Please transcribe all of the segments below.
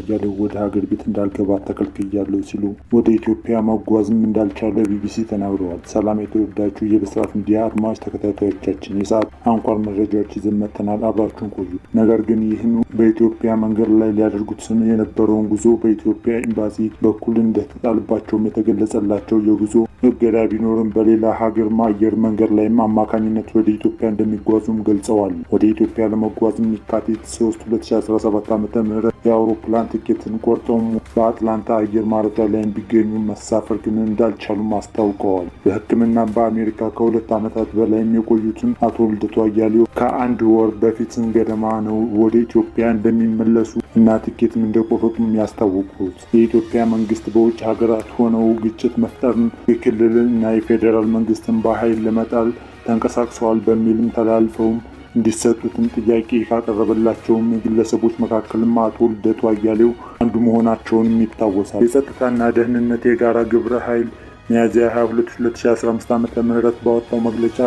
እያለው ወደ ሀገር ቤት እንዳልገባ ተከልክያለሁ ሲሉ ወደ ኢትዮጵያ መጓዝም እንዳልቻለ ቢቢሲ ተናግረዋል። ሰላም የተወዳችሁ የብስራት ሚዲያ አድማጭ ተከታታዮቻችን የሰዓት አንኳር መረጃዎች ይዘን መጥተናል። አብራችሁን ቆዩ። ነገር ግን ይህን በኢትዮጵያ መንገድ ላይ ሊያደርጉት ስም የነበረውን ጉዞ በኢትዮጵያ ኤምባሲ በኩል እንደተጣልባቸውም የተገለጸላቸው የጉዞ እገዳ ቢኖርም በሌላ ሀገር አየር መንገድ ላይም አማካኝነት ወደ ኢትዮጵያ እንደሚጓዙም ገልጸዋል። ወደ ኢትዮጵያ ለመጓዝም የካቲት 3 2017 ዓ ም የአውሮፕላን ትኬትን ቆርጠው በአትላንታ አየር ማረፊያ ላይ እንዲገኙ መሳፈር ግን እንዳልቻሉም አስታውቀዋል። በሕክምና በአሜሪካ ከሁለት ዓመታት በላይ የቆዩትን አቶ ልደቱ አያሌው ከአንድ ወር በፊትን ገደማ ነው ወደ ኢትዮጵያ እንደሚመለሱ እና ትኬትም እንደቆረጡም ያስታወቁት። የኢትዮጵያ መንግስት በውጭ ሀገራት ሆነው ግጭት መፍጠርን የክልልን እና የፌዴራል መንግስትን በኃይል ለመጣል ተንቀሳቅሰዋል በሚልም ተላልፈውም እንዲሰጡትም ጥያቄ ካቀረበላቸውም ግለሰቦች መካከልም አቶ ልደቱ አያሌው አንዱ መሆናቸውንም ይታወሳል። የጸጥታና ደህንነት የጋራ ግብረ ኃይል ሚያዝያ 22 2015 ዓ ም ባወጣው መግለጫ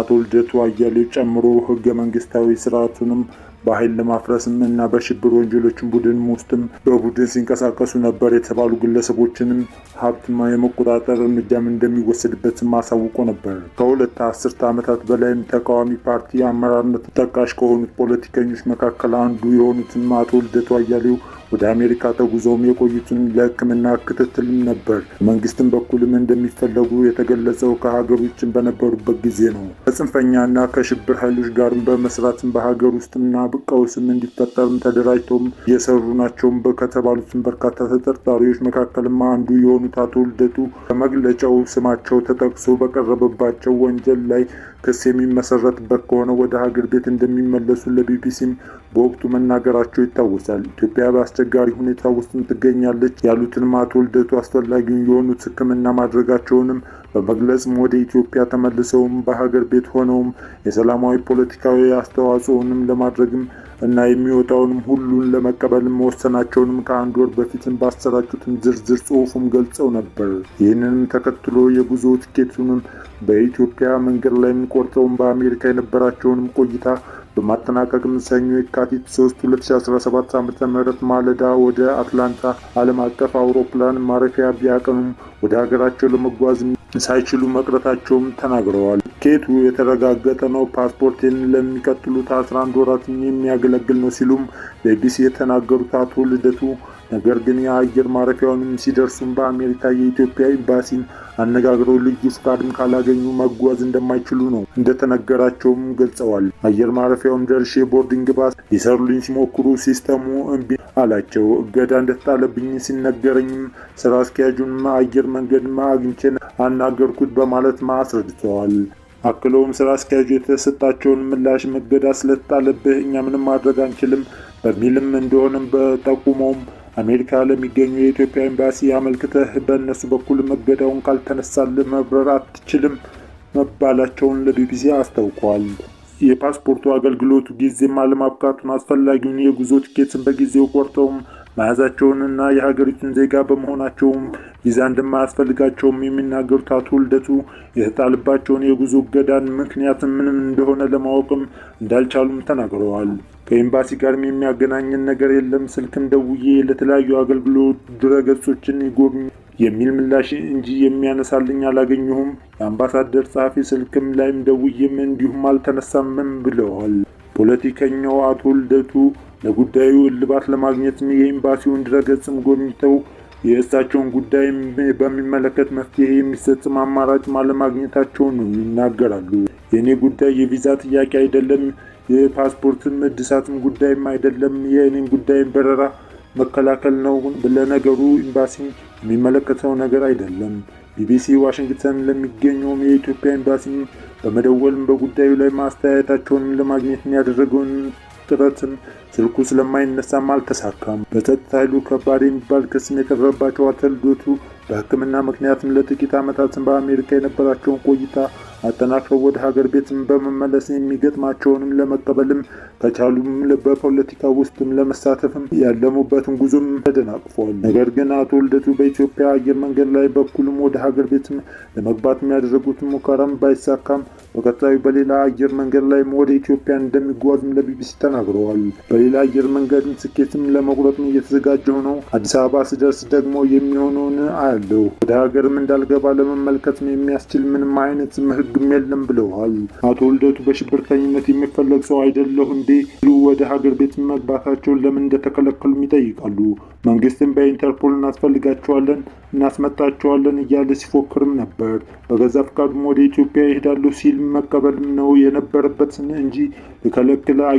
አቶ ልደቱ አያሌው ጨምሮ ህገ መንግስታዊ ስርዓቱንም በኃይል ለማፍረስም እና በሽብር ወንጀሎችን ቡድን ውስጥም በቡድን ሲንቀሳቀሱ ነበር የተባሉ ግለሰቦችንም ሀብትማ የመቆጣጠር እርምጃም እንደሚወሰድበትም አሳውቆ ነበር። ከሁለት አስርተ ዓመታት በላይም ተቃዋሚ ፓርቲ አመራርነት ተጠቃሽ ከሆኑት ፖለቲከኞች መካከል አንዱ የሆኑትም አቶ ልደቱ አያሌው ወደ አሜሪካ ተጉዞም የቆዩትን ለሕክምና ክትትልም ነበር። በመንግስትም በኩልም እንደሚፈለጉ የተገለጸው ከሀገር ውጭም በነበሩበት ጊዜ ነው። ከጽንፈኛና ከሽብር ኃይሎች ጋርም በመስራትም በሀገር ውስጥና ቀውስም እንዲፈጠርም ተደራጅተውም እየሰሩ ናቸውም ከተባሉትን በርካታ ተጠርጣሪዎች መካከልም አንዱ የሆኑት አቶ ልደቱ በመግለጫው ስማቸው ተጠቅሶ በቀረበባቸው ወንጀል ላይ ክስ የሚመሰረትበት ከሆነ ወደ ሀገር ቤት እንደሚመለሱ ለቢቢሲም በወቅቱ መናገራቸው ይታወሳል። ኢትዮጵያ በአስቸጋሪ ሁኔታ ውስጥም ትገኛለች ያሉትንም አቶ ልደቱ አስፈላጊውን የሆኑት ሕክምና ማድረጋቸውንም በመግለጽም ወደ ኢትዮጵያ ተመልሰውም በሀገር ቤት ሆነውም የሰላማዊ ፖለቲካዊ አስተዋጽኦንም ለማድረግም እና የሚወጣውንም ሁሉን ለመቀበል መወሰናቸውንም ከአንድ ወር በፊትም ባሰራጩትም ዝርዝር ጽሁፉም ገልጸው ነበር። ይህንንም ተከትሎ የጉዞ ትኬቱንም በኢትዮጵያ መንገድ ላይ የሚቆርጠውን በአሜሪካ የነበራቸውንም ቆይታ በማጠናቀቅም ሰኞ የካቲት 3 2017 ዓ ም ማለዳ ወደ አትላንታ ዓለም አቀፍ አውሮፕላን ማረፊያ ቢያቀኑም ወደ ሀገራቸው ለመጓዝ ሳይችሉ መቅረታቸውም ተናግረዋል። ኬቱ የተረጋገጠ ነው፣ ፓስፖርቴን ለሚቀጥሉት 11 ወራት የሚያገለግል ነው ሲሉም ለቢሲ የተናገሩት አቶ ልደቱ ነገር ግን የአየር ማረፊያውንም ሲደርሱም በአሜሪካ የኢትዮጵያ ኤምባሲን አነጋግረው ልዩ ፍቃድም ካላገኙ መጓዝ እንደማይችሉ ነው እንደተነገራቸውም ገልጸዋል። አየር ማረፊያውም ደርሼ ቦርዲንግ ባስ ሊሰሩልኝ ሲሞክሩ ሲስተሙ እምቢ አላቸው። እገዳ እንደተጣለብኝ ሲነገረኝም ስራ አስኪያጁን አየር መንገድ አግኝቼ አናገርኩት በማለት አስረድተዋል። አክለውም ስራ አስኪያጁ የተሰጣቸውን ምላሽ እገዳ ስለተጣለብህ እኛ ምንም ማድረግ አንችልም በሚልም እንደሆነም በጠቁመውም አሜሪካ ለሚገኙ የኢትዮጵያ ኤምባሲ አመልክተህ በእነሱ በኩል መገዳውን ካልተነሳልህ መብረር አትችልም መባላቸውን ለቢቢሲ አስታውቋል። የፓስፖርቱ አገልግሎቱ ጊዜም አለማብቃቱን አስፈላጊውን የጉዞ ትኬትን በጊዜው ቆርጠውም መያዛቸውንና የሀገሪቱን ዜጋ በመሆናቸውም ቪዛ እንደማያስፈልጋቸውም የሚናገሩት አቶ ልደቱ የተጣለባቸውን የጉዞ እገዳን ምክንያት ምንም እንደሆነ ለማወቅም እንዳልቻሉም ተናግረዋል። ከኤምባሲ ጋርም የሚያገናኝን ነገር የለም፣ ስልክም ደውዬ ለተለያዩ አገልግሎት ድረገጾችን ይጎብኝ የሚል ምላሽ እንጂ የሚያነሳልኝ አላገኘሁም። የአምባሳደር ጸሐፊ ስልክም ላይም ደውዬም እንዲሁም አልተነሳምም ብለዋል። ፖለቲከኛው አቶ ልደቱ ለጉዳዩ እልባት ለማግኘት የኤምባሲውን ድረገጽም ጎብኝተው የእሳቸውን ጉዳይ በሚመለከት መፍትሄ የሚሰጥም አማራጭ አለማግኘታቸውን ነው ይናገራሉ። የእኔ ጉዳይ የቪዛ ጥያቄ አይደለም፣ የፓስፖርትም እድሳትም ጉዳይም አይደለም። የእኔን ጉዳይ በረራ መከላከል ነው። ለነገሩ ኤምባሲ የሚመለከተው ነገር አይደለም። ቢቢሲ ዋሽንግተን ለሚገኘውም የኢትዮጵያ ኤምባሲ በመደወልም በጉዳዩ ላይ ማስተያየታቸውንም ለማግኘት የሚያደረገውን ጥረትም ስልኩ ስለማይነሳም አልተሳካም። በጸጥታ ኃይሉ ከባድ የሚባል ክስም የቀረበባቸው አቶ ልደቱ በሕክምና ምክንያትም ለጥቂት ዓመታትም በአሜሪካ የነበራቸውን ቆይታ አጠናክረው ወደ ሀገር ቤትም በመመለስ የሚገጥማቸውንም ለመቀበልም ከቻሉም በፖለቲካ ውስጥም ለመሳተፍም ያለሙበትን ጉዞም ተደናቅፏል። ነገር ግን አቶ ልደቱ በኢትዮጵያ አየር መንገድ ላይ በኩልም ወደ ሀገር ቤትም ለመግባት የሚያደረጉት ሙከራም ባይሳካም በቀጣዩ በሌላ አየር መንገድ ላይም ወደ ኢትዮጵያ እንደሚጓዙም ለቢቢሲ ተናግረዋል። በሌላ አየር መንገድም ስኬትም ለመቁረጥም እየተዘጋጀው ነው። አዲስ አበባ ስደርስ ደግሞ የሚሆነውን አያለው። ወደ ሀገርም እንዳልገባ ለመመልከትም የሚያስችል ምንም አይነት ምህር ችግም የለም ብለዋል። አቶ ልደቱ በሽብርተኝነት የሚፈለግ ሰው አይደለሁ እንዴ ሲሉ ወደ ሀገር ቤት መግባታቸውን ለምን እንደተከለከሉም ይጠይቃሉ። መንግስትም በኢንተርፖል እናስፈልጋቸዋለን እናስመጣቸዋለን እያለ ሲፎክርም ነበር። በገዛ ፈቃዱም ወደ ኢትዮጵያ ይሄዳሉ ሲል መቀበልም ነው የነበረበት እንጂ ሊከለክል